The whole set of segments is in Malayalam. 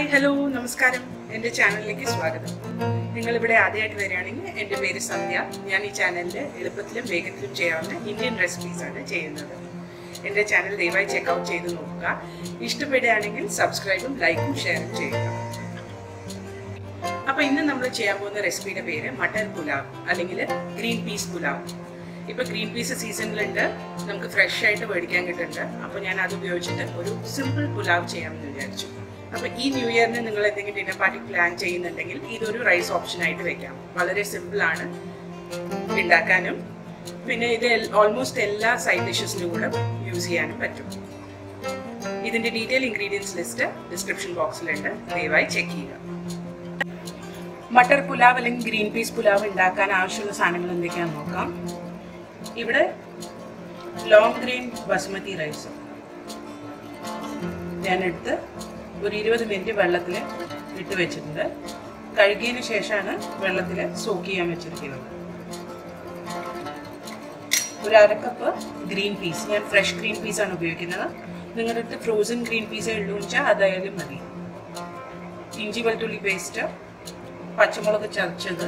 ഹായ് ഹലോ നമസ്കാരം എൻ്റെ ചാനലിലേക്ക് സ്വാഗതം നിങ്ങളിവിടെ ആദ്യമായിട്ട് വരികയാണെങ്കിൽ എൻ്റെ പേര് സന്ധ്യ ഞാൻ ഈ ചാനലിൽ എളുപ്പത്തിലും വേഗത്തിലും ചെയ്യാവുന്ന ഇന്ത്യൻ റെസിപ്പീസാണ് ചെയ്യുന്നത് എൻ്റെ ചാനൽ ദയവായി ചെക്കൗട്ട് ചെയ്ത് നോക്കുക ഇഷ്ടപ്പെടുകയാണെങ്കിൽ സബ്സ്ക്രൈബും ലൈക്കും ഷെയറും ചെയ്യുക അപ്പോൾ ഇന്ന് നമ്മൾ ചെയ്യാൻ പോകുന്ന റെസിപ്പിയുടെ പേര് മട്ടൻ പുലാവ് അല്ലെങ്കിൽ ഗ്രീൻ പീസ് പുലാവ് ഇപ്പോൾ ഗ്രീൻ പീസ് സീസണിലുണ്ട് നമുക്ക് ഫ്രഷ് ആയിട്ട് മേടിക്കാൻ കിട്ടുന്നുണ്ട് അപ്പോൾ ഞാൻ അത് ഉപയോഗിച്ചിട്ട് ഒരു സിമ്പിൾ പുലാവ് ചെയ്യാമെന്ന് വിചാരിച്ചു അപ്പോൾ ഈ ന്യൂ ഇയറിന് നിങ്ങൾ എന്തെങ്കിലും ഡിന്നർ പാർട്ടി പ്ലാൻ ചെയ്യുന്നുണ്ടെങ്കിൽ ഇതൊരു റൈസ് ഓപ്ഷനായിട്ട് വെക്കാം വളരെ സിമ്പിൾ ആണ് ഉണ്ടാക്കാനും പിന്നെ ഇത് ഓൾമോസ്റ്റ് എല്ലാ സൈഡ് ഡിഷസിനും കൂടെ യൂസ് ചെയ്യാനും പറ്റും ഇതിന്റെ ഡീറ്റെയിൽ ഇൻഗ്രീഡിയൻസ് ലിസ്റ്റ് ഡിസ്ക്രിപ്ഷൻ ബോക്സിലുണ്ട് ദയവായി ചെക്ക് ചെയ്യുക മട്ടർ പുലാവ് അല്ലെങ്കിൽ ഗ്രീൻ പീസ് പുലാവ് ഉണ്ടാക്കാൻ ആവശ്യമുള്ള സാധനങ്ങൾ എന്തൊക്കെയാണെന്ന് നോക്കാം ഇവിടെ ലോങ് ഗ്രീൻ ബസ്മതി റൈസ് ഞാനെടുത്ത് ഒരു ഇരുപത് മിനിറ്റ് വെള്ളത്തിൽ ഇട്ട് വെച്ചിട്ടുണ്ട് കഴുകിയതിന് ശേഷമാണ് വെള്ളത്തിൽ സോക്ക് ചെയ്യാൻ വെച്ചിരിക്കുന്നത് ഒരു അരക്കപ്പ് ഗ്രീൻ പീസ് ഞാൻ ഫ്രഷ് ഗ്രീൻ പീസ് ആണ് ഉപയോഗിക്കുന്നത് നിങ്ങളുടെ അടുത്ത് ഫ്രോസൺ ഗ്രീൻ പീസ് ഉള്ളൂ വെച്ചാൽ അതായാലും മതി ഇഞ്ചി വെളുത്തുള്ളി പേസ്റ്റ് പച്ചമുളക് ചതച്ചത്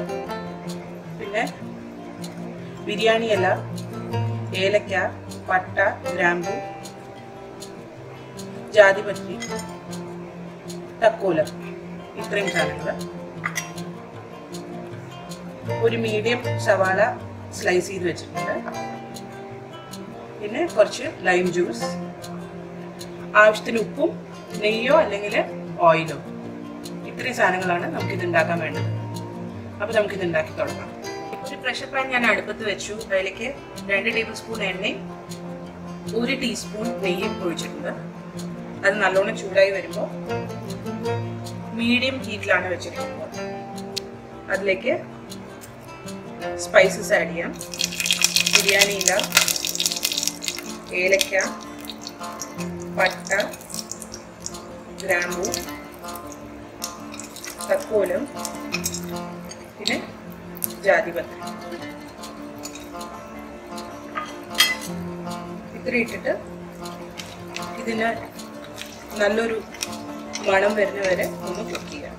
പിന്നെ ബിരിയാണി ഇല ഏലക്ക പട്ട ഗ്രാമ്പു ജാതിപത്തി തക്കോല ഇത്രയും സാധനങ്ങൾ ഒരു മീഡിയം സവാള സ്ലൈസ് ചെയ്ത് വെച്ചിട്ടുണ്ട് പിന്നെ കുറച്ച് ലൈം ജ്യൂസ് ആവശ്യത്തിന് ഉപ്പും നെയ്യോ അല്ലെങ്കിൽ ഓയിലോ ഇത്രയും സാധനങ്ങളാണ് നമുക്കിത് ഉണ്ടാക്കാൻ വേണ്ടത് അപ്പോൾ നമുക്കിത് ഉണ്ടാക്കി തുടങ്ങാം ഒരു പ്രഷർ പാൻ ഞാൻ അടുപ്പത്ത് വെച്ചു അതിലേക്ക് രണ്ട് ടേബിൾ സ്പൂൺ എണ്ണയും ഒരു ടീസ്പൂൺ നെയ്യും ഒഴിച്ചിട്ടുണ്ട് അത് നല്ലോണം ചൂടായി വരുമ്പോൾ മീഡിയം ഹീറ്റിലാണ് വെച്ചിരിക്കുന്നത് അതിലേക്ക് സ്പൈസസ് ആഡ് ചെയ്യാം ബിരിയാണി ഇല ഏലക്ക പട്ട ഗ്രാമ്പു തക്കോലും പിന്നെ ജാതിപത്ര ഇത്ര ഇട്ടിട്ട് ഇതിന് നല്ലൊരു മണം വരുന്ന വരെ ഒന്ന് കുക്ക് ചെയ്യാം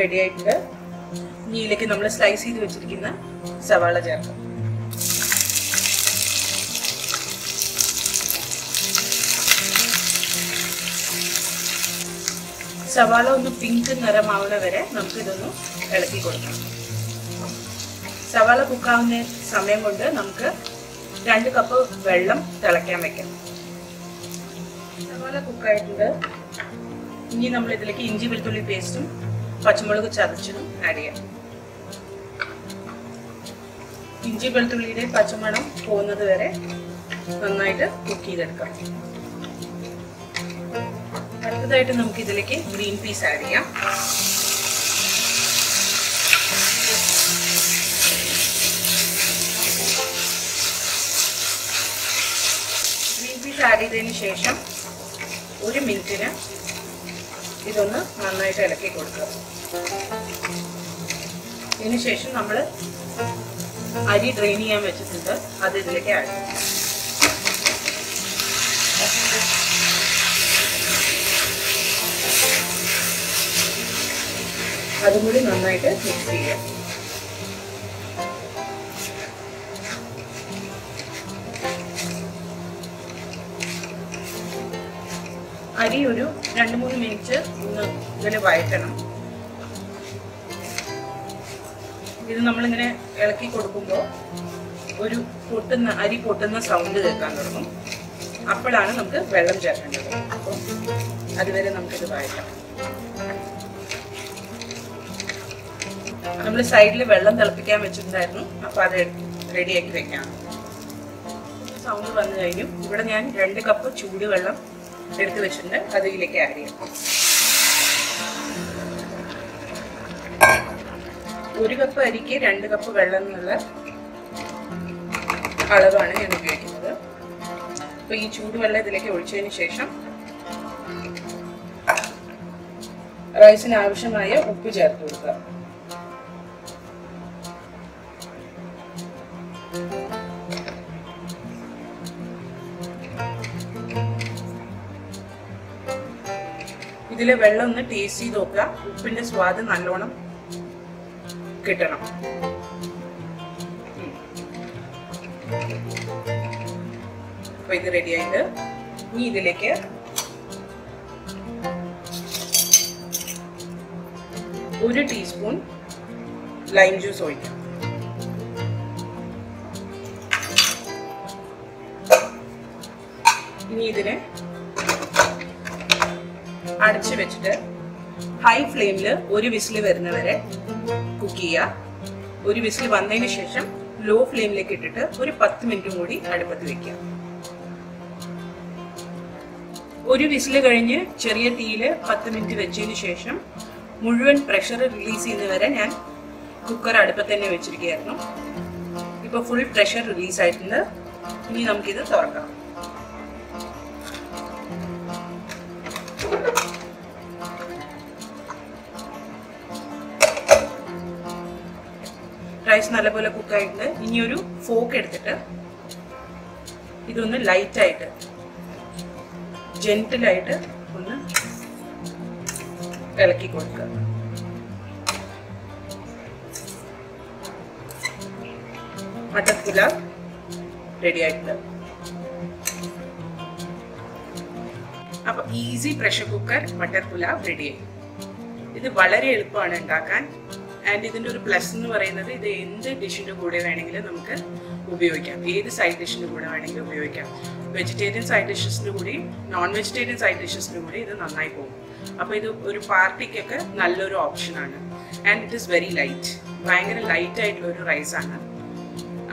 റെഡി ആയിട്ടുണ്ട് ഇനി ഇതിലേക്ക് നമ്മൾ സ്ലൈസ് ചെയ്ത് വെച്ചിരിക്കുന്ന സവാള ചേർക്കാം സവാള ഒന്ന് പിങ്ക് നിറമാവുന്ന വരെ നമുക്ക് ഇതൊന്ന് ഇളക്കി കൊടുക്കാം സവാള കുക്കാവുന്ന സമയം കൊണ്ട് നമുക്ക് രണ്ട് കപ്പ് വെള്ളം തിളയ്ക്കാൻ വെക്കാം അതുപോലെ കുക്കായിട്ടുണ്ട് ഇനി നമ്മൾ ഇതിലേക്ക് ഇഞ്ചി വെളുത്തുള്ളി പേസ്റ്റും പച്ചമുളക് ചതച്ചതും ആഡ് ചെയ്യാം ഇഞ്ചി വെളുത്തുള്ളിയുടെ പച്ചമണം പോകുന്നത് വരെ നന്നായിട്ട് കുക്ക് ചെയ്തെടുക്കാം അടുത്തതായിട്ട് നമുക്ക് ഇതിലേക്ക് ഗ്രീൻ പീസ് ആഡ് ചെയ്യാം ബ്രേക്ക് ആഡ് ചെയ്തതിന് ശേഷം ഒരു മിനിറ്റിന് ഇതൊന്ന് നന്നായിട്ട് ഇളക്കി കൊടുക്കുക ഇതിനുശേഷം നമ്മൾ അരി ഡ്രെയിൻ ചെയ്യാൻ വെച്ചിട്ടുണ്ട് അത് ഇതിലേക്ക് ആഡ് അതും കൂടി നന്നായിട്ട് മിക്സ് ചെയ്യാം അരി ഒരു രണ്ട് മൂന്ന് മിനിറ്റ് ഒന്ന് ഇതിൽ വഴറ്റണം ഇത് നമ്മളിങ്ങനെ ഇളക്കി കൊടുക്കുമ്പോൾ ഒരു പൊട്ടുന്ന അരി പൊട്ടുന്ന സൗണ്ട് കേൾക്കാൻ തുടങ്ങും അപ്പോഴാണ് നമുക്ക് വെള്ളം ചേർക്കേണ്ടത് അപ്പം അതുവരെ നമുക്കിത് വഴറ്റാം നമ്മൾ സൈഡിൽ വെള്ളം തിളപ്പിക്കാൻ വെച്ചിട്ടുണ്ടായിരുന്നു അപ്പോൾ അത് റെഡിയാക്കി വെക്കാം സൗണ്ട് വന്നു കഴിഞ്ഞു ഇവിടെ ഞാൻ രണ്ട് കപ്പ് ചൂടുവെള്ളം എടുത്ത് വെച്ചിട്ടുണ്ട് അത് ഇതിലേക്ക് ആഡ് ചെയ്യാം ഒരു കപ്പ് അരിക്ക് രണ്ട് കപ്പ് വെള്ളം എന്നുള്ള അളവാണ് ഞാൻ ഉപയോഗിക്കുന്നത് അപ്പൊ ഈ ചൂടുവെള്ളം ഇതിലേക്ക് ഒഴിച്ചതിന് ശേഷം റൈസിന് ആവശ്യമായ ഉപ്പ് ചേർത്ത് കൊടുക്കുക ഇതിലെ വെള്ളം ഒന്ന് ടേസ്റ്റ് ചെയ്ത് നോക്കുക ഉപ്പിന്റെ സ്വാദ് നല്ലോണം കിട്ടണം അപ്പൊ ഇത് റെഡി ആയിട്ട് ഇനി ഇതിലേക്ക് ഒരു ടീസ്പൂൺ ലൈം ജ്യൂസ് ഒഴിക്കാം ഇനി ഇതിനെ അടച്ചു വെച്ചിട്ട് ഹൈ ഫ്ലെയിമിൽ ഒരു വിസിൽ വരുന്നവരെ കുക്ക് ചെയ്യുക ഒരു വിസിൽ വന്നതിന് ശേഷം ലോ ഫ്ലെയിമിലേക്ക് ഇട്ടിട്ട് ഒരു പത്ത് മിനിറ്റും കൂടി അടുപ്പത്ത് വെക്കുക ഒരു വിസിൽ കഴിഞ്ഞ് ചെറിയ തീയിൽ പത്ത് മിനിറ്റ് വെച്ചതിന് ശേഷം മുഴുവൻ പ്രഷർ റിലീസ് ചെയ്യുന്നവരെ ഞാൻ കുക്കർ അടുപ്പത്ത് തന്നെ വെച്ചിരിക്കുകയായിരുന്നു ഇപ്പൊ ഫുൾ പ്രഷർ റിലീസ് ആയിട്ടുണ്ട് ഇനി നമുക്കിത് തുറക്കാം റൈസ് നല്ലപോലെ കുക്കായിട്ടുണ്ട് ഇനിയൊരു ഫോക്ക് എടുത്തിട്ട് ഇതൊന്ന് ലൈറ്റായിട്ട് ജെന്റിലായിട്ട് ഒന്ന് ഇളക്കി കൊടുക്കുക മട്ടൻ റെഡി ആയിട്ടുണ്ട് അപ്പൊ easy pressure cooker matar pulao റെഡിയായി ഇത് വളരെ എളുപ്പമാണ് ഉണ്ടാക്കാൻ ആൻഡ് ഇതിൻ്റെ ഒരു പ്ലസ് എന്ന് പറയുന്നത് ഇത് എന്ത് ഡിഷിൻ്റെ കൂടെ വേണമെങ്കിലും നമുക്ക് ഉപയോഗിക്കാം ഏത് സൈഡ് ഡിഷിൻ്റെ കൂടെ വേണമെങ്കിലും ഉപയോഗിക്കാം വെജിറ്റേറിയൻ സൈഡ് ഡിഷസിൻ്റെ കൂടെയും നോൺ വെജിറ്റേറിയൻ സൈഡ് ഡിഷസിൻ്റെ കൂടെ ഇത് നന്നായി പോകും അപ്പോൾ ഇത് ഒരു പാർട്ടിക്കൊക്കെ നല്ലൊരു ഓപ്ഷനാണ് and it is very light ഭയങ്കര ലൈറ്റ് ആയിട്ടുള്ള ഒരു റൈസാണ്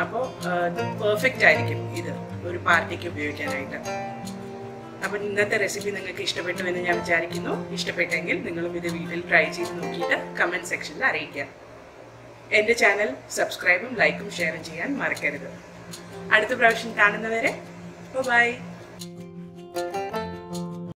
അപ്പോൾ ഇത് പെർഫെക്റ്റ് ആയിരിക്കും ഇത് ഒരു പാർട്ടിക്ക് ഉപയോഗിക്കാനായിട്ട് അപ്പം ഇന്നത്തെ റെസിപ്പി നിങ്ങൾക്ക് ഇഷ്ടപ്പെട്ടു എന്ന് ഞാൻ വിചാരിക്കുന്നു ഇഷ്ടപ്പെട്ടെങ്കിൽ നിങ്ങളും ഇത് വീട്ടിൽ ട്രൈ ചെയ്ത് നോക്കിയിട്ട് കമൻറ്റ് സെക്ഷനിൽ അറിയിക്കുക എൻ്റെ ചാനൽ സബ്സ്ക്രൈബും ലൈക്കും ഷെയറും ചെയ്യാൻ മറക്കരുത് അടുത്ത പ്രാവശ്യം കാണുന്നവരെ ബൈ